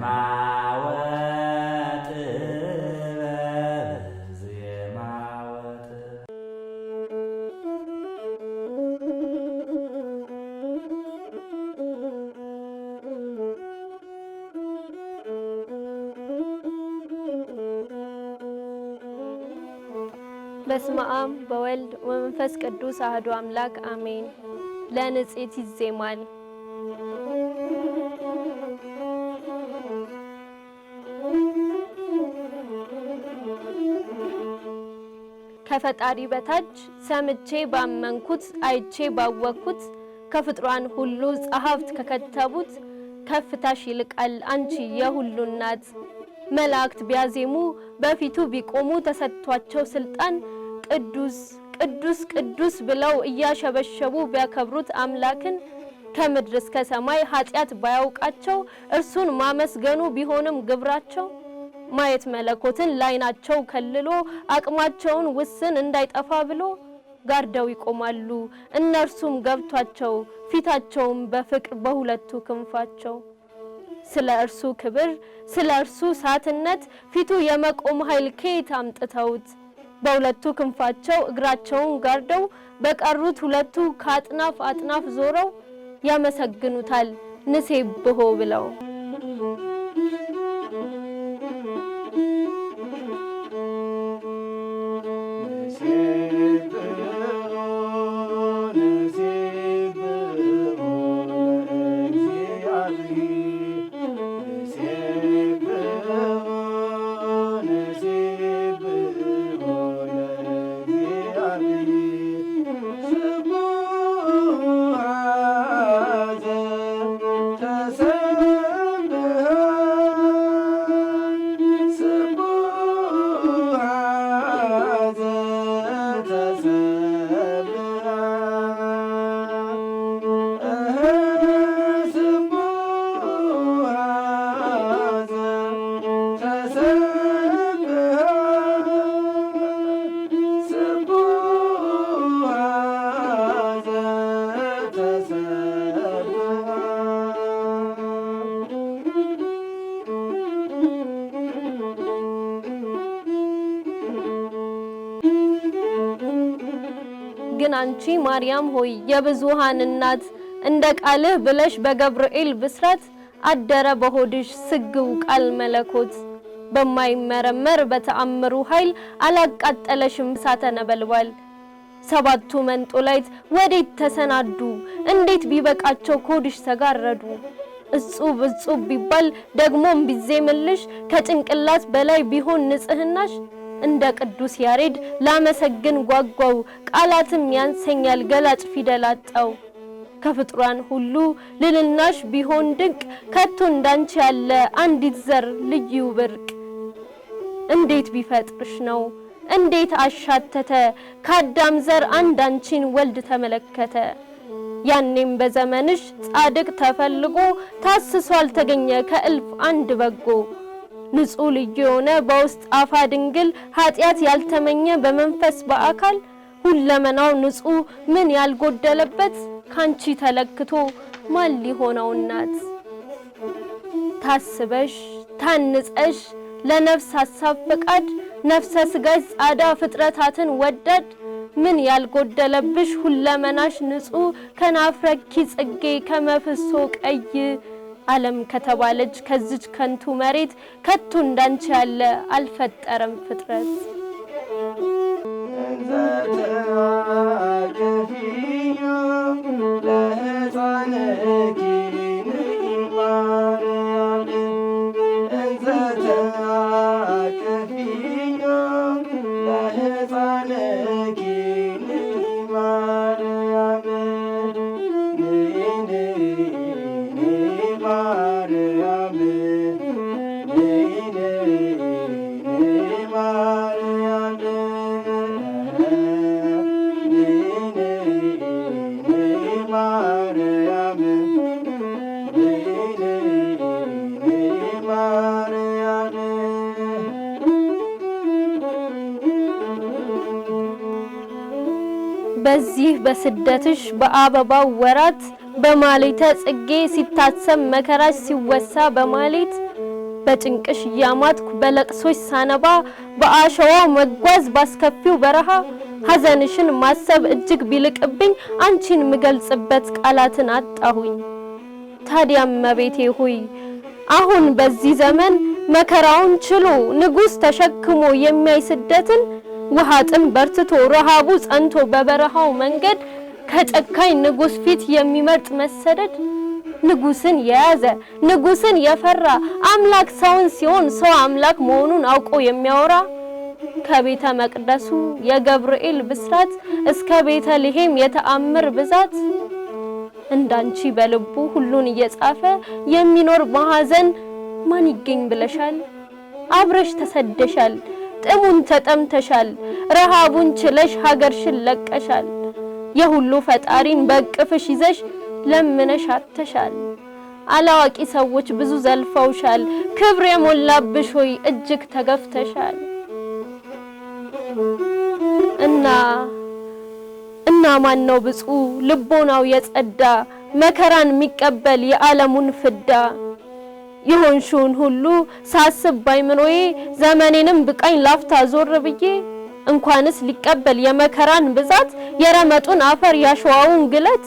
በስመ አብ በወልድ ወመንፈስ ቅዱስ አህዶ አምላክ አሜን። ለንጽሕት ይዜማል ከፈጣሪ በታች ሰምቼ ባመንኩት አይቼ ባወቅኩት ከፍጥሯን ሁሉ ጸሐፍት ከከተቡት ከፍታሽ ይልቃል አንቺ የሁሉ እናት። መላእክት ቢያዜሙ በፊቱ ቢቆሙ ተሰጥቷቸው ስልጣን ቅዱስ ቅዱስ ቅዱስ ብለው እያሸበሸቡ ቢያከብሩት አምላክን ከምድር እስከ ሰማይ ኃጢአት ባያውቃቸው እርሱን ማመስገኑ ቢሆንም ግብራቸው ማየት መለኮትን ላይናቸው ከልሎ አቅማቸውን ውስን እንዳይጠፋ ብሎ ጋርደው ይቆማሉ እነርሱም ገብቷቸው ፊታቸውም በፍቅር በሁለቱ ክንፋቸው ስለ እርሱ ክብር ስለ እርሱ ሳትነት ፊቱ የመቆም ኃይል ከየት አምጥተውት በሁለቱ ክንፋቸው እግራቸውን ጋርደው በቀሩት ሁለቱ ከአጥናፍ አጥናፍ ዞረው ያመሰግኑታል ብሆ ብለው ግን አንቺ ማርያም ሆይ የብዙሃን እናት እንደ ቃልህ ብለሽ በገብርኤል ብስራት አደረ በሆድሽ ስግው ቃል መለኮት በማይመረመር በተአምሩ ኃይል አላቃጠለሽም እሳተ ነበልባል። ሰባቱ መንጦላይት ወዴት ተሰናዱ? እንዴት ቢበቃቸው ከሆድሽ ተጋረዱ? እጹብ እጹብ ቢባል ደግሞም ቢዜምልሽ ከጭንቅላት በላይ ቢሆን ንጽህናሽ እንደ ቅዱስ ያሬድ ላመሰግን ጓጓው ቃላትም ያንሰኛል ገላጭ ፊደል አጣው። ከፍጥሯን ሁሉ ልልናሽ ቢሆን ድንቅ ከቶ እንዳንቺ ያለ አንዲት ዘር ልዩ ብርቅ። እንዴት ቢፈጥርሽ ነው እንዴት አሻተተ ከአዳም ዘር አንድ አንቺን ወልድ ተመለከተ። ያኔም በዘመንሽ ጻድቅ ተፈልጎ ታስሶ አልተገኘ ከእልፍ አንድ በጎ ንጹህ ልዩ የሆነ በውስጥ አፋ ድንግል ኃጢአት ያልተመኘ በመንፈስ በአካል ሁለመናው ንጹህ ምን ያልጎደለበት ካንቺ ተለክቶ ማን ሊሆነው እናት ታስበሽ ታንጸሽ ለነፍስ ሐሳብ ፈቃድ ነፍሰ ሥጋሽ ጻዳ ፍጥረታትን ወዳድ ምን ያልጎደለብሽ ሁለመናሽ ንጹህ ከናፍረኪ ጽጌ ከመፍሶ ቀይ ዓለም ከተባለች ከዚች ከንቱ መሬት ከቱ እንዳንቺ ያለ አልፈጠረም ፍጥረት። ለሕፃንኪ በዚህ በስደትሽ በአበባው ወራት በማሌተ ጽጌ ሲታሰብ መከራሽ ሲወሳ በማሌት በጭንቅሽ እያማትኩ በለቅሶች ሳነባ በአሸዋ መጓዝ ባስከፊው በረሃ ሐዘንሽን ማሰብ እጅግ ቢልቅብኝ አንቺን ምገልጽበት ቃላትን አጣሁኝ። ታዲያም መቤቴ ሆይ አሁን በዚህ ዘመን መከራውን ችሎ ንጉሥ ተሸክሞ የሚያይ ስደትን ውሃ ጥም በርትቶ ረሃቡ ጸንቶ በበረሃው መንገድ ከጨካኝ ንጉሥ ፊት የሚመርጥ መሰደድ ንጉስን የያዘ ንጉስን የፈራ አምላክ ሰውን ሲሆን ሰው አምላክ መሆኑን አውቆ የሚያወራ ከቤተ መቅደሱ የገብርኤል ብስራት እስከ ቤተ ቤተልሔም የተአምር ብዛት እንዳንቺ በልቡ ሁሉን እየጻፈ የሚኖር ማሐዘን ማን ይገኝ ብለሻል? አብረሽ ተሰደሻል፣ ጥሙን ተጠምተሻል፣ ረሃቡን ችለሽ ሀገርሽን ለቀሻል። የሁሉ ፈጣሪን በቅፍሽ ይዘሽ ለምነሽ አጥተሻል። አላዋቂ ሰዎች ብዙ ዘልፈውሻል። ክብር የሞላብሽ ሆይ እጅግ ተገፍተሻል። እና እና ማን ነው ብፁዕ ልቦናው የጸዳ መከራን የሚቀበል የዓለሙን ፍዳ የሆንሽውን ሁሉ ሳስብ ባይምሮዬ ዘመኔንም ብቃኝ ላፍታ ዞር ብዬ እንኳንስ ሊቀበል የመከራን ብዛት የረመጡን አፈር ያሸዋውን ግለት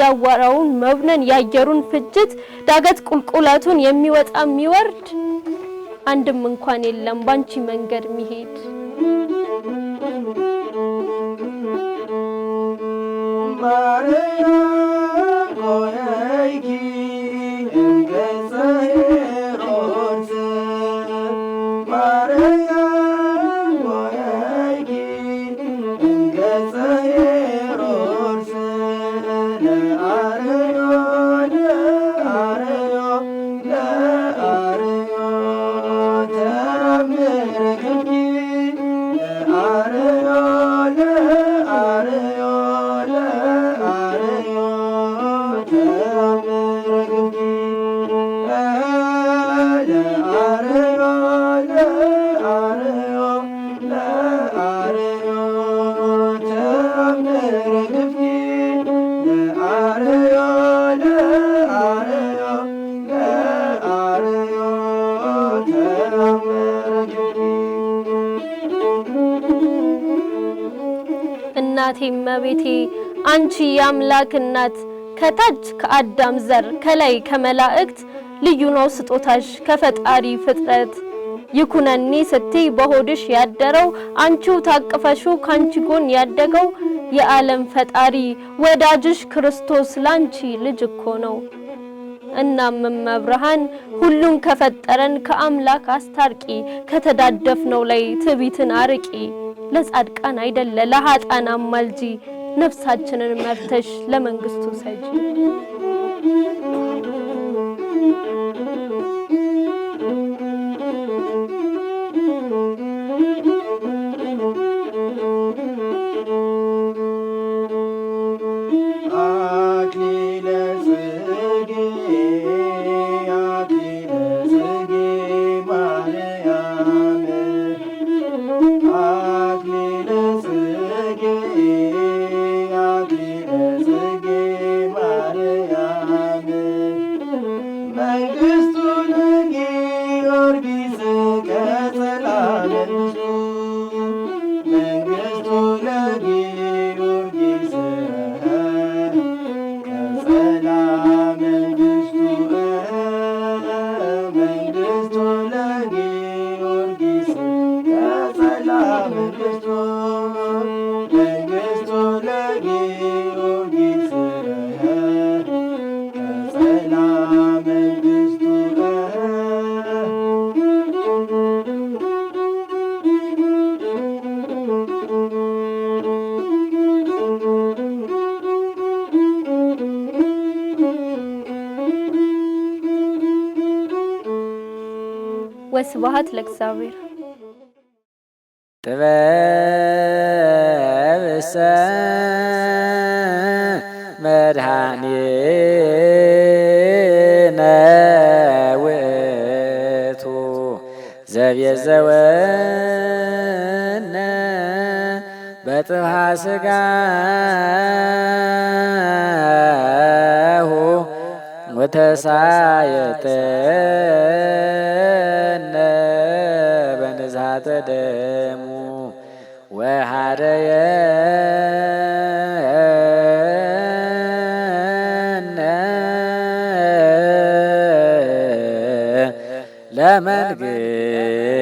ያዋራውን መብነን ያየሩን ፍጅት ዳገት ቁልቁለቱን የሚወጣ የሚወርድ አንድም እንኳን የለም ባንቺ መንገድ ሚሄድ። ማርያም እናቴ እመቤቴ አንቺ የአምላክ እናት ከታች ከአዳም ዘር ከላይ ከመላእክት ልዩ ነው ስጦታሽ ከፈጣሪ ፍጥረት ይኩነኒ ስቲ በሆድሽ ያደረው አንቺው ታቅፈሹ ካንቺ ጎን ያደገው የዓለም ፈጣሪ ወዳጅሽ ክርስቶስ ላንቺ ልጅ እኮ ነው። እናም መብርሃን ሁሉን ከፈጠረን ከአምላክ አስታርቂ ከተዳደፍነው ላይ ትዕቢትን አርቂ። ለጻድቃን አይደለ ለኃጥአን አማልጂ፣ ነፍሳችንን መፍተሽ ለመንግስቱ ሰጂ። ወስብሐት ለእግዚአብሔር። ጥበብሰ መድኃኒነ ውእቱ ዘቤዘወነ በጥብሃ ስጋሁ ወተሳየጠ تدمو وهاريا لا مالكي